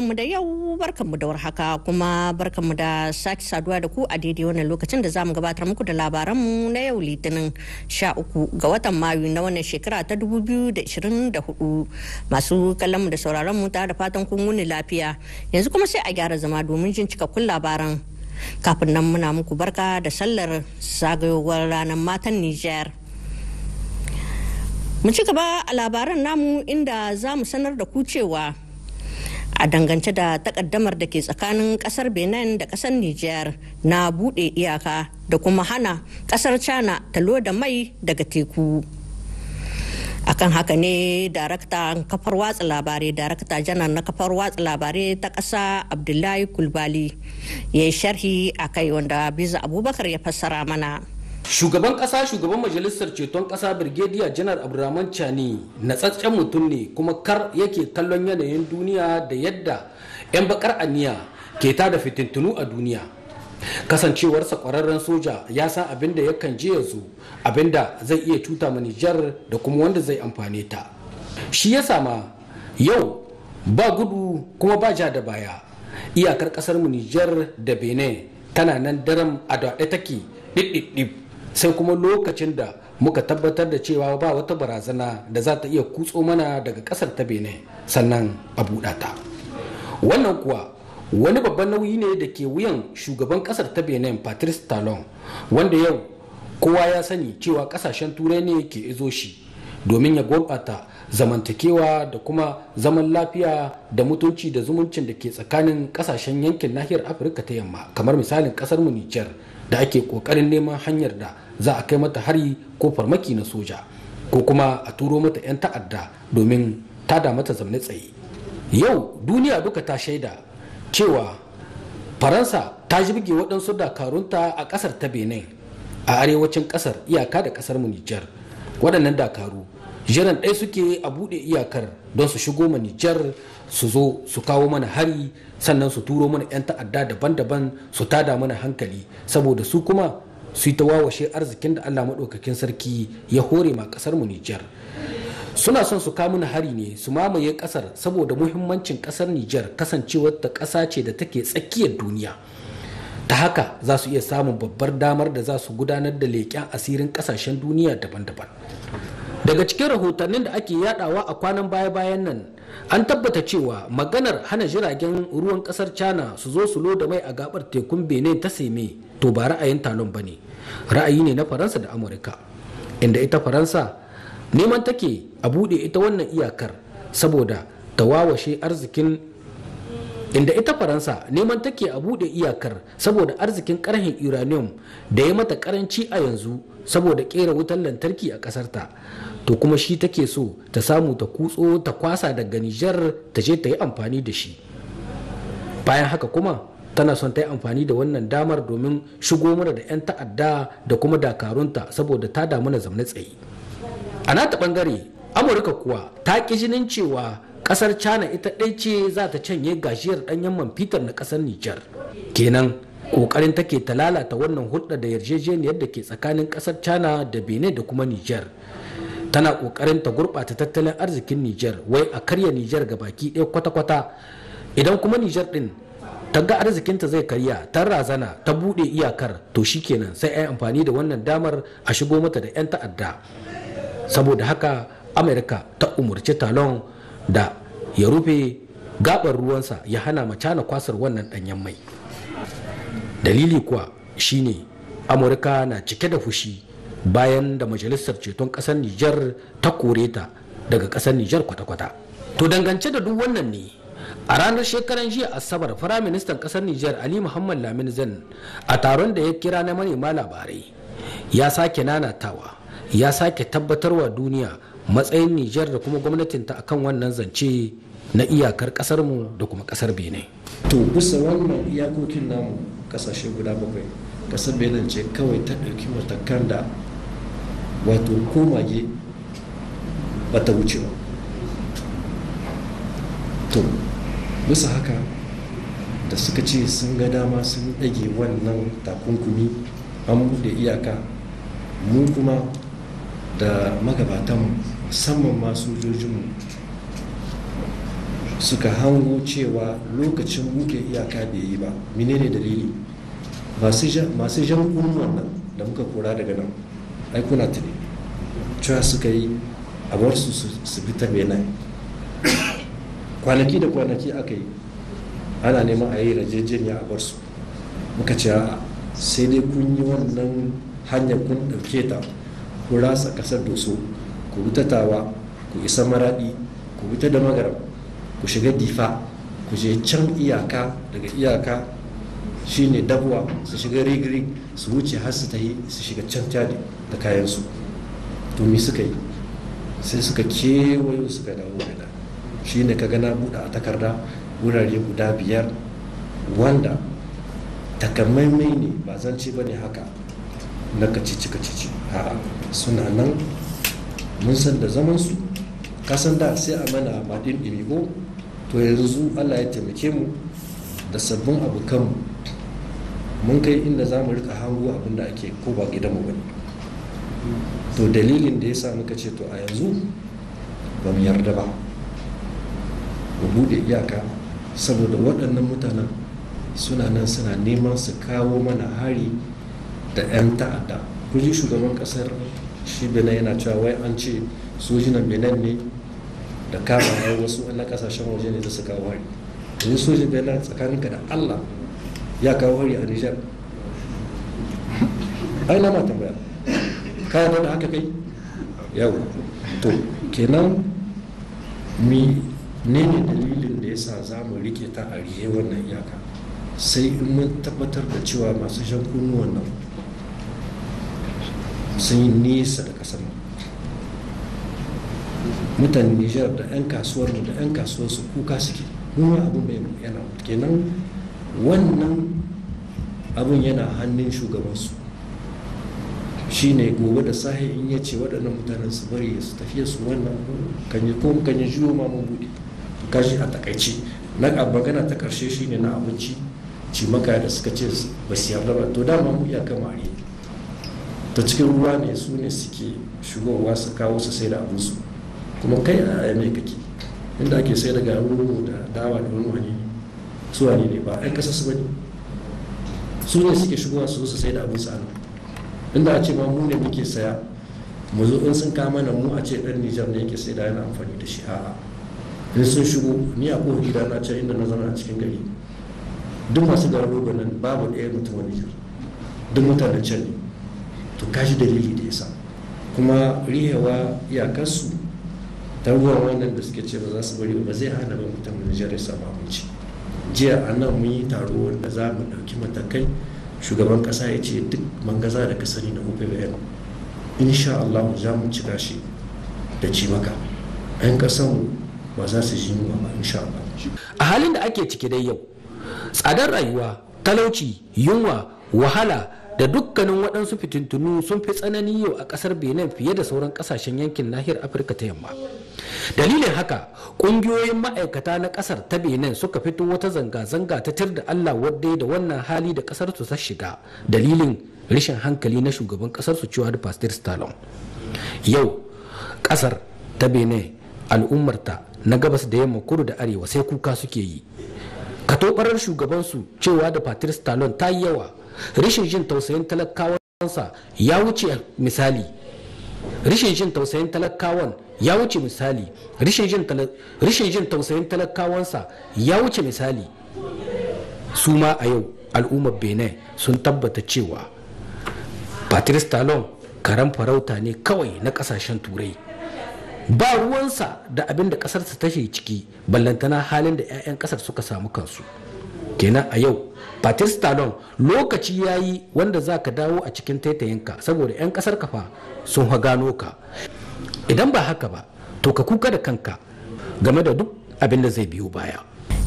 barkanmu da yau barkanmu da warhaka kuma barkanmu da sake saduwa da ku a daidai wannan lokacin da za mu gabatar muku da labaranmu na yau litinin uku ga watan mayu na wannan shekara ta hudu masu kallonmu da sauraronmu tare da fatan kun wuni lafiya yanzu kuma sai a gyara zama domin jin cikakkun labaran kafin nan muna muku barka da sallar zagayowar ranar matan niger mu ci gaba a labaran namu inda za mu sanar da ku cewa a dangance da takaddamar da ke tsakanin kasar benin da kasar niger na bude iyaka da kuma hana kasar china ta loda mai daga teku akan haka ne darakta kafar watsa labarai darakta janar na kafar watsa labarai ta kasa abdullahi kulbali ya yi sharhi a kai wanda biza abubakar ya fassara mana shugaban kasa shugaban majalisar ceton kasa birgediya janar abdurrahman chani tsatsen mutum ne kuma kar yake kallon yanayin duniya da yadda 'yan bakar aniya ke ta da fitintunu a duniya kasancewarsa kwararren soja ya san abin da yakan je ya zo abin da zai iya cuta manijar da kuma wanda zai amfane ta shi ya sama yau ba gudu kuma ba ja da baya iyakar kasar mu nijar da benin tana nan daram a daɗe take ɗiɗɗiɗɗi sai kuma lokacin da muka tabbatar da cewa ba wata barazana da za ta iya kutso mana daga kasar ta benin sannan a buɗa ta wannan kuwa wani babban nauyi ne da ke wuyan shugaban kasar ta benin patrice talon wanda yau kowa ya sani cewa kasashen turai ne ke izo shi domin ya gurɓata zamantakewa da kuma zaman lafiya da mutunci da zumuncin da ke tsakanin kasashen yankin nahiyar afirka ta yamma kamar misalin kasar mu nijar da ake kokarin neman hanyar da za a kai mata hari ko farmaki na soja ko kuma a turo mata 'yan ta'adda domin tada mata zamne tsaye yau duniya duka ta shaida cewa faransa ta jirge waɗansu dakarunta a ƙasar ta benin a arewacin ƙasar iyaka da ƙasar mu nijar waɗannan dakaru jiran ɗaya suke a buɗe iyakar don su shigo ma nijar su zo su kawo mana hari sannan su turo mana 'yan ta'adda daban-daban su tada mana hankali saboda su kuma su yi ta arzikin da allah maɗaukakin sarki ya hore ma ƙasar mu nijar suna son su kamuna hari ne su mamaye ƙasar saboda muhimmancin ƙasar nijar kasancewar ta ƙasa ce da take tsakiyar duniya ta haka za su iya samun babbar damar da za su gudanar da leƙen asirin ƙasashen duniya daban-daban daga cikin rahotannin da ake yadawa a kwanan baya-bayan nan an tabbata cewa maganar hana jiragen ruwan kasar china su zo su loda mai a gabar tekun benin ta seme to ba ra'ayin talon ba ne ra'ayi ne na faransa da amurka inda ita faransa neman take a bude ita wannan iyakar saboda ta arzikin inda ita faransa neman take a bude iyakar saboda arzikin karhin uranium da ya mata karanci a yanzu saboda kera wutar lantarki a kasarta to kuma shi take so ta samu ta kutso ta kwasa daga nijar ta je ta yi amfani da shi bayan haka kuma tana son ta yi amfani da wannan damar domin shigo mana da 'yan ta'adda da kuma dakarunta saboda ta damu na zamne tsaye a nata bangare amurka kuwa ta ƙi jinin cewa kasar china ita ɗai ce za ta canye gajiyar ɗanyen man fitar na kasar nijar kenan kokarin take ta lalata wannan hulɗa da yarjejeniyar da ke tsakanin kasar china da benin da kuma nijar tana kokarin ta gurɓata tattalin arzikin niger wai a karya niger ga baki ɗaya kwata-kwata idan kuma niger ɗin ta ga arzikin ta zai karya ta razana ta buɗe iyakar to shi kenan sai a yi amfani da wannan damar a shigo mata da 'yan ta'adda saboda haka amurka ta umarci talon da ya rufe gabar ruwansa ya hana macana kwasar wannan ɗanyen mai dalili kuwa shine amurka na cike da fushi bayan da majalisar ceton ƙasar Nijar ta kore ta daga kasar Nijar kwata-kwata. To dangance da duk wannan ne a ranar shekaran jiya asabar firaministan ƙasar Nijar Ali Muhammad Lamin Zan a taron da ya kira na manema labarai ya sake nanatawa ya sake tabbatarwa duniya matsayin Nijar da kuma gwamnatin ta akan wannan zance na iyakar kasarmu da kuma kasar Benin. To bisa wannan iyakokin namu kasashe guda bakwai kasar Benin ce kawai ta ɗauki matakan da wato ko mage bata ta wuce ba to bisa haka da suka ce sun ga dama sun ɗage wannan takunkumi an buɗe iyaka mu kuma da magabatan musamman ma sojojinmu suka hango cewa lokacin buɗe iyaka bai yi ba menene dalili masu jan wannan da muka kora daga nan ai kuna tuni cewa suka yi a bar su su fita benin kwanaki da kwanaki aka yi ana neman a yi rajejeniya a bar su muka ce sai dai kun yi wannan hanyar kun ɗauke ta ku rasa ƙasar doso ku wuta tawa ku isa maraɗi ku wuta da magaram ku shiga difa ku je can iyaka daga iyaka shine dabuwa su shiga rigiri su wuce har su ta yi su shiga can cadi da kayansu to me suka yi sai suka kewayo suka dawo gida shine ka gana buɗe a takarda wurare guda biyar wanda takamaimai ne ba zance ba ne haka na kacici kacici a'a suna nan mun san da zamansu kasan da sai a mana maɗin ɗimigo to yanzu allah ya taimake mu da sabbin abu kanmu. mun kai inda za mu rika hango abin da ake ko ba mu bane to dalilin da ya sa muka ce to a yanzu ba mu yarda ba mu buɗe iyaka saboda waɗannan mutanen suna nan suna neman su kawo mana hari da 'yan ta'adda kuji shugaban ƙasar shi benin yana cewa wai an ce sojinan benin ne da kama wasu na ƙasashen waje ne da su kawo hari yanzu sojin benin tsakaninka da allah ya kawo hari a nijar ai na ma tambaya kayan da haka kai yau to kenan mi ne ne dalilin da ya sa za mu rike ta a rihe wannan iyaka sai in mun tabbatar da cewa masu shan wannan sun yi nesa da kasar mutane nijar da 'yan kasuwar da 'yan kasuwar su kuka suke kuma abin bai yana kenan wannan abin yana hannun shugabansu shi ne gobe da sahi in ya ce waɗannan mutanen su bari su tafiya su wannan kan yi kuma kan yi juyo ma mun buɗe kashi a takaice na magana ta ƙarshe shi ne na abinci cimaka da suka ce ba su yarda ba to dama mu iyaka mare ta cikin ruwa ne su ne suke shigowa su kawo su sai da abinsu kuma kai a yame kake inda ake sai da garin da dawa da wani wani su wane ne ba ai kasa su bane su ne suke shigowa su su sai da abin sa inda a ce ba mu ne muke saya mu zo in sun kama nan mu a ce dan Nijar ne yake sai da yana amfani da shi a'a in sun shigo ni a kofar gida na ce inda na zama a cikin gari duk masu garin rogo nan babu ɗaya mutumin Nijar duk mutanen can ne to kashi dalili da yasa kuma rihewa iyakarsu ta ruwan wannan da suke ce ba za su bari ba zai hana ba mutum Nijar ya samu abinci jiya a nan mun yi taro wanda za mu ɗauki matakai shugaban ƙasa ya ce duk mangaza da ka sani na upbn insha allah za mu ci shi da ci maka 'yan ƙasan ba za su ji yunwa ba insha allah a halin da ake cike dai yau tsadar rayuwa talauci yunwa wahala da dukkanin waɗansu fitintunu sun fi tsanani yau a ƙasar benin fiye da sauran ƙasashen yankin nahiyar afirka ta yamma dalilin haka kungiyoyin ma'aikata na kasar ta benin suka fito wata zanga-zanga ta tir da allah wadda da wannan hali da kasar su ta shiga dalilin rashin hankali na shugaban kasar su cewa da pastor stalin yau kasar ta benin al'ummarta na gabas da yamma kudu da arewa sai kuka suke yi katobarar shugabansu cewa da patrice talon ta yi yawa rashin jin tausayin talakawansa ya wuce misali rashin jin tausayin talakawan ya wuce misali rashin jin tausayin talakawansa ya wuce misali su ma a yau al'ummar benin sun tabbata cewa patrice talon karan farauta ne kawai na kasashen turai ba ruwansa da abin da kasarsa ta shi ciki ballantana halin da 'ya'yan kasar suka samu kansu kenan a yau patrice talon lokaci ya yi wanda za ka dawo a cikin taitayinka saboda 'yan kasar kafa sun gano ka idan ba haka ba to ka kuka da kanka game da duk abin da zai biyo baya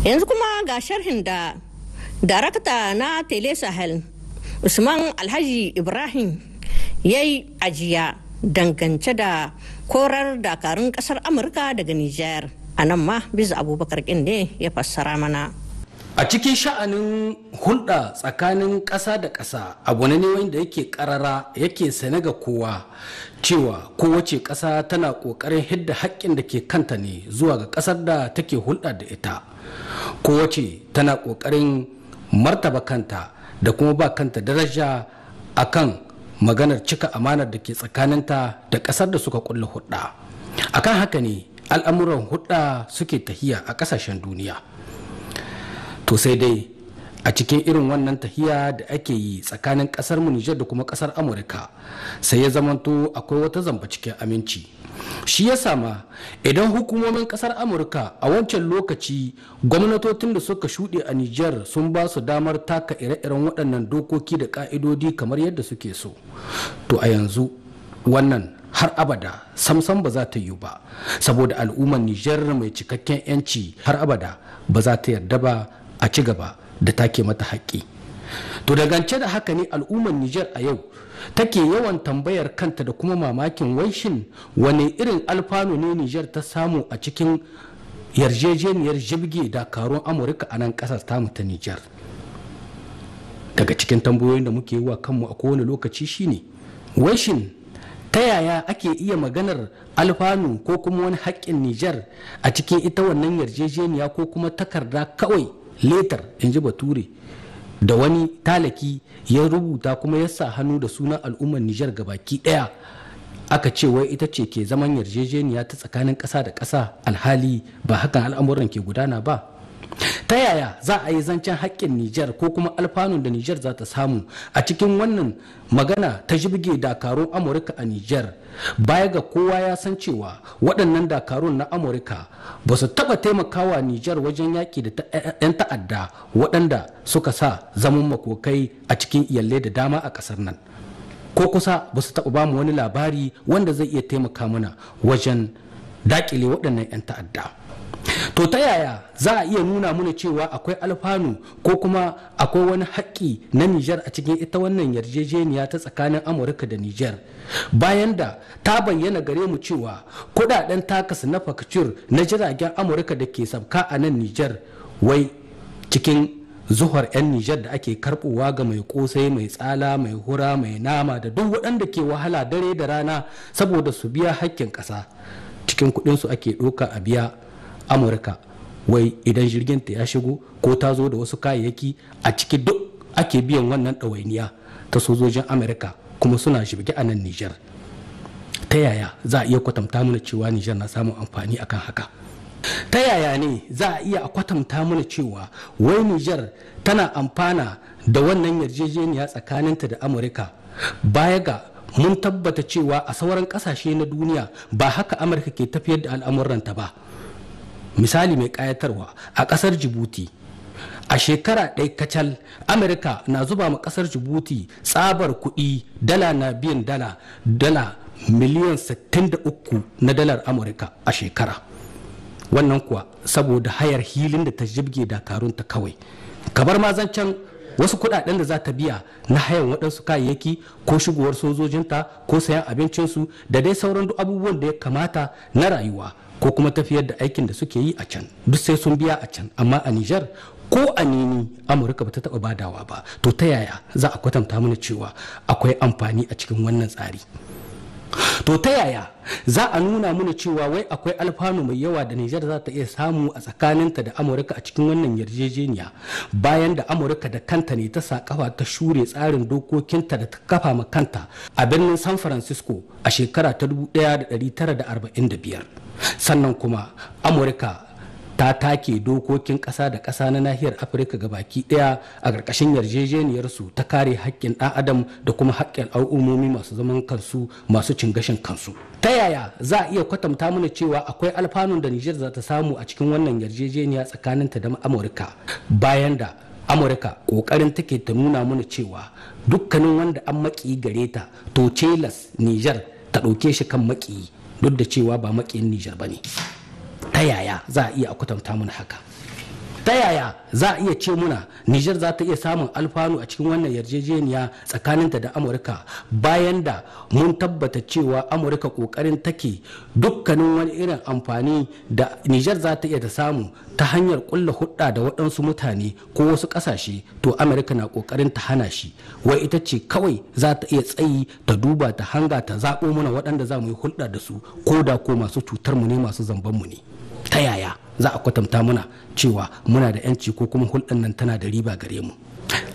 yanzu kuma ga sharhin da darakta na tele sahel usman alhaji ibrahim ya yi ajiya dangance da korar dakarun kasar amurka daga nijar a nan ma bisa abubakar ne ya fassara mana a cikin sha'anin hulɗa tsakanin ƙasa da ƙasa abu ne wanda yake ƙarara yake sane ga kowa cewa kowace ƙasa tana ƙoƙarin hidda haƙƙin da ke kanta ne zuwa ga ƙasar da take hulɗa da ita kowace tana ƙoƙarin martaba kanta da kuma ba kanta daraja a kan maganar cika amanar da ke tsakaninta da ƙasar da suka kulle hulɗa a kan haka ne al'amuran hulɗa suke tahiya a ƙasashen duniya to sai dai a cikin irin wannan tahiya da ake yi tsakanin kasar mu da kuma kasar Amurka sai ya zamanto akwai wata zamba cikin aminci shi ya sama idan hukumomin kasar Amurka a wancan lokaci gwamnatocin da suka shuɗe a Nijar sun ba su damar taka ire-iren waɗannan dokoki da ƙa'idodi kamar yadda suke so to a yanzu wannan har abada samsam ba za ta yiwu ba saboda al'ummar Nijar mai cikakken 'yanci har abada ba za ta yarda ba a ci gaba da take mata haƙƙi to da gance da haka ne al'ummar Nijar a yau take yawan tambayar kanta da kuma mamakin waishin wane irin alfano ne Nijar ta samu a cikin yarjejeniyar jibge dakarun amurka a nan kasar tamu ta Nijar daga cikin tambayoyin da muke yi wa kanmu a kowane lokaci shine waishin ta yaya ake iya maganar alfanu ko kuma wani haƙƙin Nijar a cikin ita wannan yarjejeniya ko kuma takarda kawai letar in ji bature da wani talaki ya rubuta kuma ya sa hannu da sunan al'ummar nijar gabaki daya aka ce wai ita ce ke zaman yarjejeniya ta tsakanin ƙasa da ƙasa alhali ba hakan al'amuran ke gudana ba ta yaya za a yi zancen haƙƙin Nijar ko kuma alfanun da Nijar za ta samu a cikin wannan magana ta jibge dakarun Amurka a Nijar baya ga kowa ya san cewa waɗannan dakarun na Amurka ba su taɓa taimakawa Nijar wajen yaƙi da 'yan ta'adda waɗanda suka sa zaman makokai a cikin iyalai da dama a ƙasar nan. Ko kusa ba su taɓa bamu wani labari wanda zai iya taimaka mana wajen daƙile waɗannan 'yan ta'adda. to ta yaya za a iya nuna mana cewa akwai alfanu ko kuma akwai wani haƙƙi na nijar a cikin ita wannan yarjejeniya ta tsakanin amurka da nijar bayan da ta bayyana gare mu cewa kudaden takas na fakcur na jiragen amurka da ke sabka a nan nijar wai cikin zuhar 'yan nijar da ake karbowa ga mai kosai mai tsala mai hura mai nama da duk waɗanda ke wahala dare da rana saboda su biya haƙƙin ƙasa cikin kuɗinsu ake ɗoka a biya amurka wai idan jirgin ta ya shigo ko ta zo da wasu kayayyaki a ciki duk ake biyan wannan ɗawainiya ta sojojin amurka kuma suna shirge a nan nijar ta yaya za a iya kwatanta mana cewa nijar na samun amfani akan haka ta yaya ne za a iya kwatanta mana cewa wai nijar tana amfana da wannan yarjejeniya tsakaninta da amurka baya ga mun tabbata cewa a sauran kasashe na duniya ba haka amurka ke tafiyar da al'amuranta ba misali mai kayatarwa a kasar jibuti a shekara ɗaya kacal amurka na zuba ma kasar jibuti tsabar kuɗi dala na biyan dala dala miliyan 63 na dalar amurka a shekara wannan kuwa saboda hayar hilin da ta jibge dakarunta kawai kabar ma zancen wasu kudaden da za ta biya na hayan waɗansu kayayyaki ko shigowar sojojinta ko sayan abincinsu da dai sauran duk abubuwan da ya kamata na rayuwa ko kuma tafiyar da aikin da suke yi a can duk sai sun biya a can amma a Nijar ko a nini amurka ba ta taba badawa ba to ta yaya za a kwatanta mana cewa akwai amfani a cikin wannan tsari to ta yaya za a nuna mana cewa wai akwai alfanu mai yawa da nijar za ta iya samu a tsakaninta da amurka a cikin wannan yarjejeniya bayan da amurka da kanta ne ta sakafa ta shure tsarin dokokinta da ta kafa ma kanta a birnin san francisco a shekara ta 1945 sannan kuma amurka ta take dokokin ƙasa da ƙasa na nahiyar afirka ga baki ɗaya a ƙarƙashin yarjejeniyarsu ta kare hakkin ɗan adam da kuma haƙƙin al'ummomi masu zaman kansu masu cin gashin kansu ta yaya za a iya kwatanta mana cewa akwai alfanun da nijar za ta samu a cikin wannan yarjejeniya tsakaninta da amurka bayan da amurka ƙoƙarin take ta nuna mana cewa dukkanin wanda an maki gare ta to celas nijar ta ɗauke shi kan maki duk da cewa ba maƙiyin nijar ba ne. ta yaya za a iya a kwatanta mana haka ta yaya za a iya ce muna nijar za ta iya samun alfanu a cikin wannan yarjejeniya tsakaninta da amurka bayan da mun tabbata cewa amurka kokarin take dukkanin wani irin amfani da nijar za ta iya ta samu ta hanyar kulla hudda da waɗansu mutane ko wasu ƙasashe to amurka na kokarin ta hana shi wai ita ce kawai za ta iya tsayi ta duba ta hanga ta zaɓo mana waɗanda za mu yi hulɗa da su ko da ko masu cutar mu ne masu zamban mu ne ta yaya za a kwatanta mana cewa muna da yanci ko kuma hulɗan nan tana da riba gare mu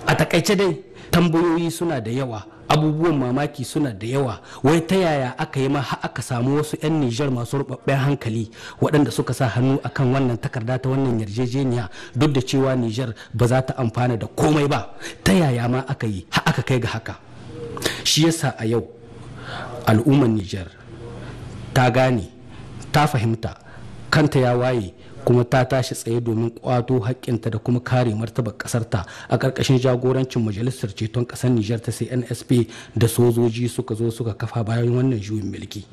a takaice dai tambayoyi suna da yawa abubuwan mamaki suna da yawa wai ta yaya aka yi maha aka samu wasu 'yan nijar masu rubabben hankali waɗanda suka sa hannu akan wannan takarda ta wannan yarjejeniya duk da cewa nijar ba za ta amfana da komai ba ta yaya ma aka yi ha aka kai ga haka shi yasa a yau al'ummar nijar ta gane ta fahimta kanta ya waye kuma ta tashi tsaye domin kwato haƙƙinta da kuma kare martabar ƙasarta a ƙarƙashin jagorancin majalisar ceton ƙasar Nijar ta CNSP da sojoji suka zo suka kafa bayan wannan juyin mulki.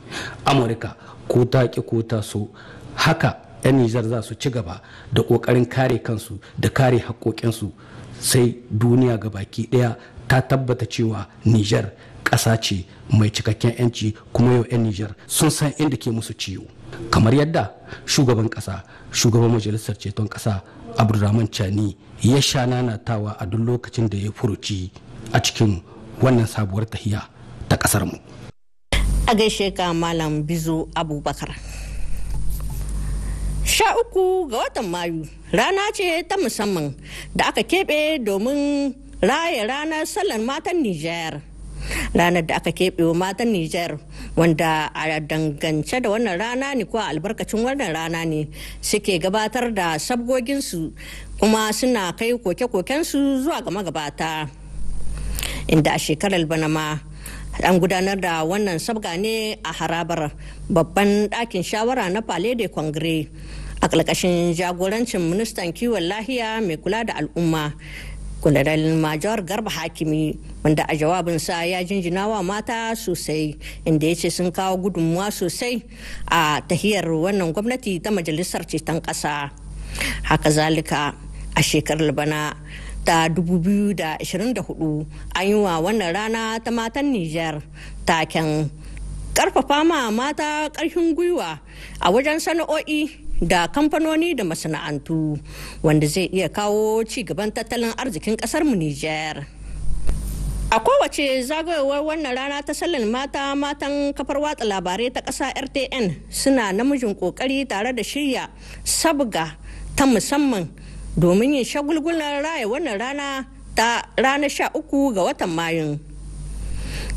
Amurka ko ta ƙi ko ta so haka 'yan Nijar za su ci gaba da ƙoƙarin kare kansu da kare haƙoƙinsu sai duniya ga baki ɗaya ta tabbata cewa Nijar ƙasa ce mai cikakken 'yanci kuma yau 'yan Nijar sun san inda ke musu ciwo. kamar yadda shugaban kasa shugaban majalisar ceton kasa abdulrahman chani ya sha nanatawa a duk lokacin da ya furuci a cikin wannan sabuwar tahiya ta kasar mu a gaishe ka malam bizo abubakar sha uku ga watan mayu rana ce ta musamman da aka keɓe domin raya ranar sallar matan nijar ranar da aka keɓe wa matan Nijar wanda a dangance da wannan rana ne ko a albarkacin wannan rana ne suke gabatar da sabgoginsu kuma suna kai koke su zuwa ga magabata inda a shekarar bana ma an gudanar da wannan sabga ne a harabar babban ɗakin shawara na palais de congrès a ƙarƙashin jagorancin ministan kiwon lahiya mai kula da al'umma Kwanaral Major Garba Hakimi wanda a jawabinsa ya jinjina wa mata sosai inda ya ce sun kawo gudunmuwa sosai a tahiyar wannan gwamnati ta majalisar ceton ƙasa. Haka zalika a shekarar bana ta 2024 an yi wa wannan rana ta matan Nijar taken karfafa ma mata ƙarfin gwiwa a wajen sana'o'i da kamfanoni da masana'antu wanda zai iya kawo ci gaban tattalin arzikin mu Nijar. A kowace zagayowar wannan rana ta sallan mata matan kafar watsa labarai ta ƙasa RTN suna namijin ƙoƙari tare da shirya sabga ta musamman domin yin shagulgulan raya wannan rana ta ranar 13 ga watan Mayun.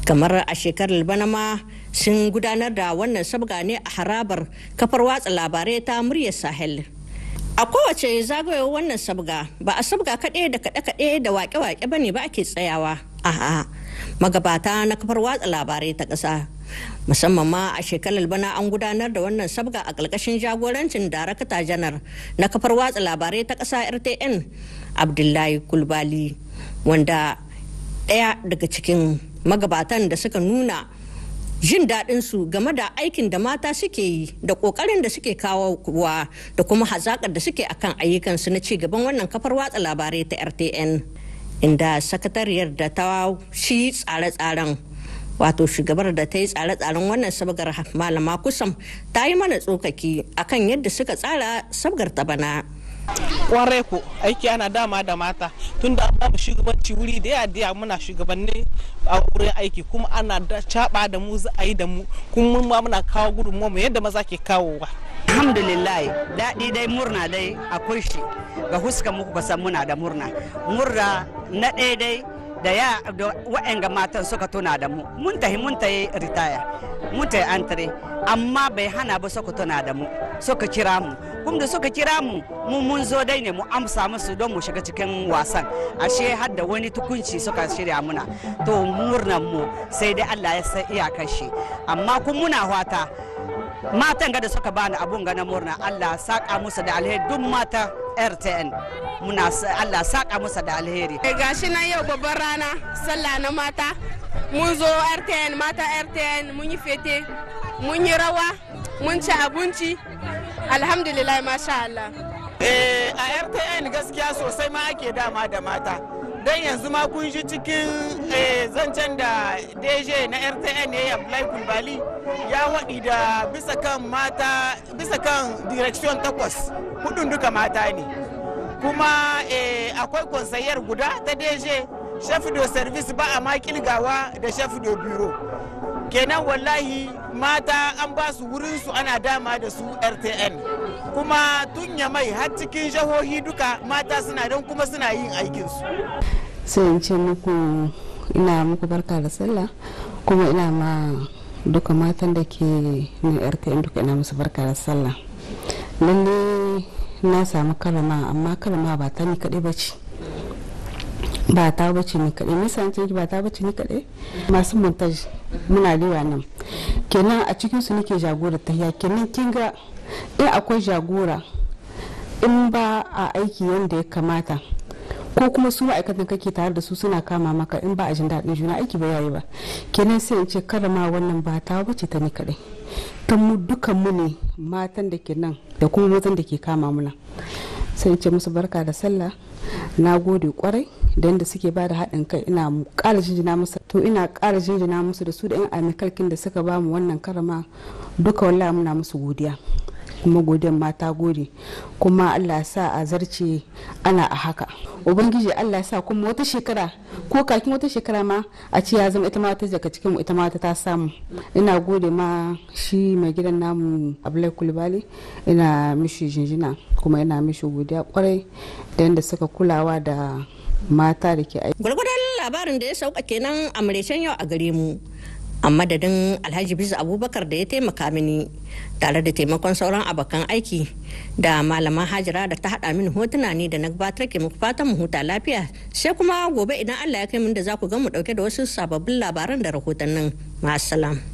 Kamar a shekarar bana ma sun gudanar da wannan sabga ne a harabar kafar watsa labarai ta muryar sahel a kowace zagayo wannan sabga ba a sabga kaɗe da kaɗe-kaɗe da waƙe-waƙe ba ne ba ake tsayawa a'a magabata na kafar watsa labarai ta ƙasa musamman ma a shekarar bana an gudanar da wannan sabga a ƙarƙashin jagorancin darakta janar na kafar watsa labarai ta ƙasa rtn abdullahi kulbali wanda ɗaya daga cikin magabatan da suka nuna jin daɗin su game da aikin da mata suke yi da ƙoƙarin da suke kawo wa da kuma hazaƙar da suke akan ayyukansu na cigaban wannan kafar watsa labarai ta rtn inda sakatariyar da ta shi tsare-tsaren wato shugabar da ta yi tsare-tsaren wannan sabgar malama kusan ta yi mana tsokaki akan yadda suka tsara sabgar ta bana. kwarai ku aiki ana dama da mata tun da ba mu shugabanci wuri da ya da muna shugabanni a wurin aiki kuma ana da caba da mu za a yi da mu kuma mun muna kawo gudun mu yadda maza ke kawo kawowa alhamdulillah daɗi dai murna dai akwai shi ga huska muku ba san muna da murna murna na ɗaya dai da ya da wa'anga matan suka tuna da mu mun tahi mun tahi ritaya mun tahi antare amma bai hana ba suka tuna da mu suka kira mu kum da suka kira mu mun mun zo dai ne mu amsa musu don mu shiga cikin wasan ashe har da wani tukunci suka shirya muna to murnan mu sai dai Allah ya san iyakar shi amma kun muna wata matan ga da suka bani abun ga na murna Allah saka musu da alheri duk mata RTN muna Allah saka musu da alheri eh, gashi nan yau babban rana sallah na mata mun zo RTN mata RTN mun yi fete mun yi rawa mun ci abinci alhamdulillah masha Allah eh, a rtn gaskiya sosai ma ake dama da mata don yanzu ma kun ji cikin eh, zancen da dj na rtn ya yi bali ya waɗi da bisa kan mata bisa kan direction takwas hudun duka mata ne kuma eh, akwai konsayar guda ta dj shafido service ba a ma kilgawa da shafido bureau. kenan wallahi mata an ba su su ana dama da su rtn kuma tun ya mai har cikin jahohi duka mata suna don kuma suna yin aikin su sai in ce muku ina muku barka da sallah kuma ina ma duka matan da ke na rtn duka ina musu barka da sallah lalle na samu karama amma karama ba ta ni kaɗai ba ce ba ta bace ni kaɗai me ce ba ta bace ni kaɗai masu montaj muna riwa nan kenan a cikin su nake jagora ta ya kenan kin ga in akwai jagora in ba a aiki yanda ya kamata ko kuma su ma'aikatan kake tare da su suna kama maka in ba a jin daɗin juna aiki ba yayi ba kenan sai in ce karama wannan ba ta bace ta ni kaɗai ta mu dukan mu ne matan da ke nan da kuma mazan da ke kama muna sai in ce musu barka da sallah na gode kwarai da yadda suke ba da haɗin kai ina ƙara jinjina musu to ina ƙara jinjina musu da su da 'yan amikalkin da suka ba mu wannan karama duka wallahi muna musu godiya kuma godin mata gode kuma allah sa a zarce ana a haka ubangiji allah sa kuma wata shekara ko kakin wata shekara ma a ce ya zama ita ma ta daga cikin ita ma ta samu ina gode ma shi mai gidan namu abulai kulibali ina mishi jinjina kuma ina mishi godiya kwarai da yadda suka kulawa da mata da ke aiki. Gwargwadon labarin da ya sauka kenan a mareshen yau a gare mu. A madadin Alhaji Bisu Abubakar da ya taimaka mini tare da taimakon sauran abokan aiki da malama Hajira da ta haɗa mini hotuna ne da na gabatar ke muku fatan mu huta lafiya sai kuma gobe idan Allah ya kai mun da za ku ga mu ɗauke da wasu sababbin labaran da rahotannin. Ma'asalam.